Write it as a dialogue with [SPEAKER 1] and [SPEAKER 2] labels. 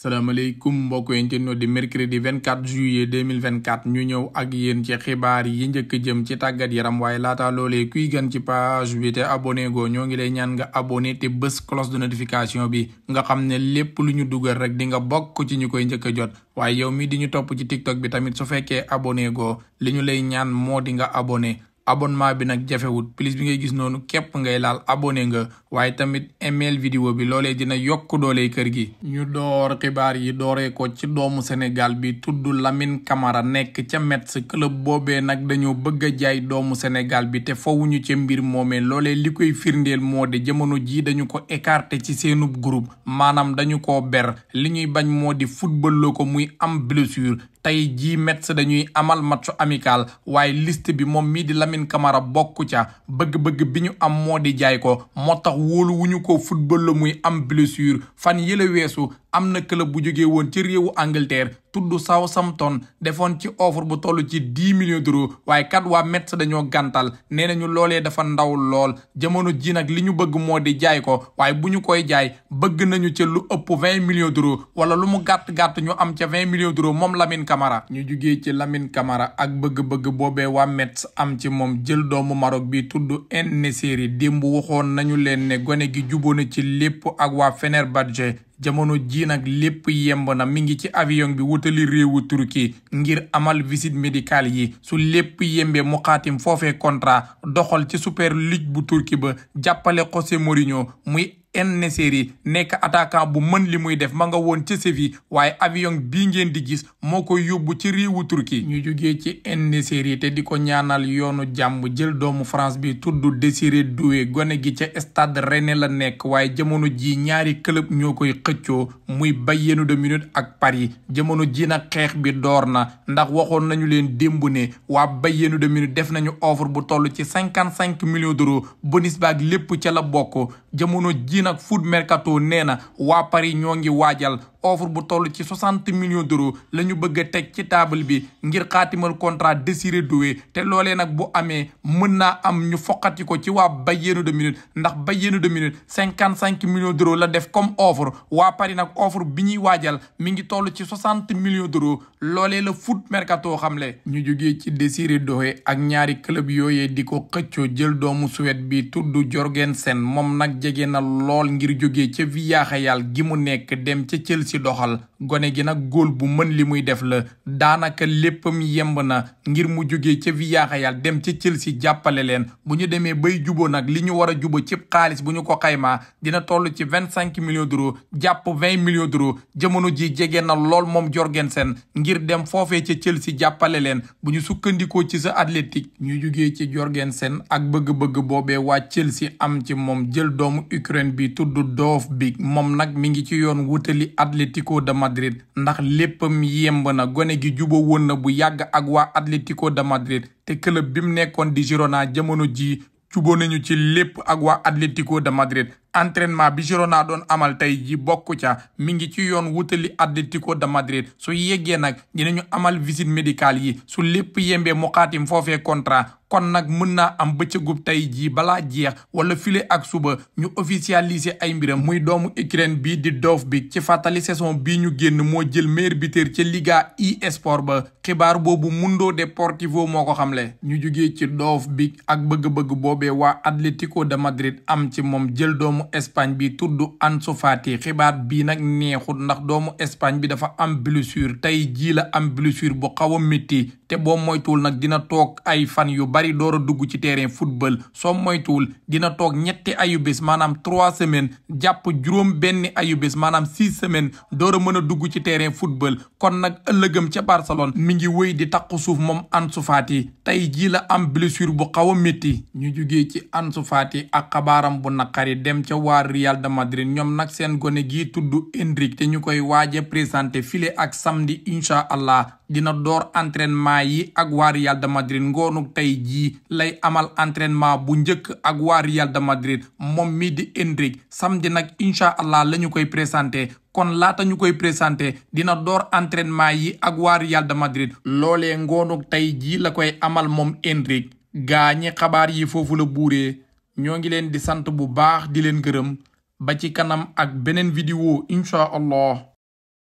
[SPEAKER 1] salaamaaleykum mbokk yi ñu di mercredi 24 juillet 2024 ñu ñëw ak yéen ci xibaar yi njëkk jëm ci tàggat yaram waaye laata loolee kuy gan ci page bi te abonné go ñoo ngi lay ñaan nga abonné te bés cloche de notification bi nga xam ne lépp lu ñu dugal rek di nga bokk ci ñu koy njëkk a jot waaye yow mi di ñu topp ci tiktok bi tamit su fekkee abonné go li ñu lay ñaan moo di nga abonné. abonnement bi nag jafewut plus bi ngay gis noonu képp ngay laal abonné nga waaye tamit email vidéo bi loole dina yokk doole kër gi. ñu door xibaar yi dooree ko ci doomu Sénégal bi tudd Lamine Camara nekk ca Metz club boobee nag dañoo bëgg a jaay doomu Sénégal bi te fawuñu ca mbir moomee loole li koy firndeel moo de jamono jii dañu ko écarté ci seenub groupe maanaam dañu ko ber li ñuy bañ moo di football ko muy am blessure. tey jii Metz dañuy amal match amical waaye list bi moom mii di Lamine kamara bokk ca bëgg-bëgg bi ñu am moo di jaay ko moo tax wóolu wu ñu ko football la muy am blessure fan yële weesu am na club bu jógee woon ci réewu Angleterre tudd Southampton defoon ci offre bu toll ci dix millions d'euros waaye kat waa Metz dañoo gantal nee nañu loolee dafa ndaw lool jamono ji nag li ñu bëgg moo di jaay ko waaye bu ñu koy jaay bëgg nañu ca lu ëpp vingt millions d'euros wala lu mu gàtt gàtt ñu am ca vingt millions d'euros moom Lamine kamara ñu jugee ci Lamine kamara ak bëgg-bëgg boobe waa Metz am ci moom jël doomu Maroc bi tudd En Nesyri démb waxoon nañu leen ne gone gi jubóo na ci lépp ak waa Fenerbahçe jamono ji nag lépp yemb na mi ngi ci avion bi wutali réewu turki ngir amal visite médicale yi su lépp yembe mu xaatim foofee contrat doxal ci super ligue bu turki ba jàppale José Mourinho muy En-Nesyri nekk attaquant bu mën li muy def ma nga woon ci Séville waaye avion bii ngeen di gis moo koy yóbbu ci réewu Turquie ñu jógee ci En-Nesyri te di ko ñaanal yoonu jàmm jël doomu France bi tudd Désiré Doué gone gi ca stade Rennais la nekk waaye jamono ji ñaari club ñoo koy xëccoo muy Bayern de Munich ak Paris jamono ji nag xeex bi door na ndax waxoon nañu leen démb ne waa Bayern de Munich def nañu offre bu toll ci cinquante cinq millions d'euros bonus lépp ca la bokk nag foot mercato nee na waa Paris ñoo ngi waajal offre bu toll ci soixante millions d'euros la ñu bëgg a teg ci table bi ngir xaatimal contrat Désiré Doué te loolee nag bu amee mën naa am ñu foqati ko ci waa Bayern de Munich ndax Bayern de Munich cinquante cinq millions d'euros la def comme offre waa Paris nag offre bi ñuy waajal mi ngi toll ci soixante millions d'euros loole la foot xam xamle ñu jógee ci Désiré Doué ak ñaari club yooyee di ko xëccoo jël doomu Suède bi tudd Jorgensen moom nag jege na lool ngir jógee ca Villarreal gi mu nekk dem ca Chelsea ci doxal gone gi nag góol bu mën li muy def la daanaka léppam yemb na ngir mu jógee ca Villarreal dem ca Chelsea jàppale leen bu ñu demee bay juboo nag li ñu war a juboo cib xaalis bu ñu ko xaymaa dina toll ci vingt cinq millions d'euros jàpp vingt millions d'euros jamono ji jege na lool moom Jorgensen ngir dem foofee ca Chelsea jàppale leen bu ñu sukkandikoo ci sa Athletic ñu jógee ci Jorgensen ak bëgg-bëgg boobe waa Chelsea am ci moom jël doomu Ukraine bi tudd Dovbyk moom nag mi ngi ci yoon wutali Atlético de Madrid Madrid ndax léppam yemb na gone gi jubo woon na bu yàgg ak waa Atlético de Madrid te club bi mu nekkoon di Girona jamono ji juboo nañu ci lépp ak waa Atlético de Madrid entraînement bi Girona doon amal tey ji bokk ca mi ngi ci yoon wutali Atlético de Madrid su yeggee nag ñu amal visite médicale yi su lépp yembee mu xaatim foofee contrat kon nag mën naa am bëccëgub tey jii balaa jeex wala file ak suba ñu officialiser ay mbiram muy doomu Ukraine bi di doof bi ci fàttali saison bii ñu génn moo jël meilleur buteur ci Liga e-sport ba xibaar boobu de Deportivo moo ko xamle. ñu jugee ci doof bi ak bëgg-bëgg boobee waa Atlético de Madrid am ci moom jël doomu doomu Espagne bi tudd Ansu Fati xibaar bii nag neexut ndax doomu Espagne bi dafa am blessure tey jii la am blessure bu xaw a métti te boo moytuwul nag dina toog ay fan yu bari door a dugg ci terrain football soo moytuwul dina toog ñetti ayubés maanaam trois semaines jàpp juróom benn ayubés maanaam six semaines door a mën a dugg ci terrain football kon nag ëllëgëm ca Barcelone mi ngi woy di takku suuf moom Ansu Fati tey jii la am blessure bu xaw a métti ñu jugee ci Ansu ak xabaaram bu ca waa Real de Madrid ñoom nag seen gone gi tudd Endrick te ñu koy waaje présenté file ak samdi incha allah dina door entraînement yi ak waa Real de Madrid ngoonu tey jii lay amal entraînement bu njëkk ak waa Real de Madrid moom mii di Endrick samedi nag incha allah la ñu koy présenté kon laata ñu koy présenté dina door entraînement yi ak waa Real de Madrid loolee ngoonu tey jii la koy amal moom Endrick gaa ñi xabaar yi foofu la buuree ñoo ngi leen di sant bu baax di leen gërëm ba ci kanam ak beneen vidéo incha allah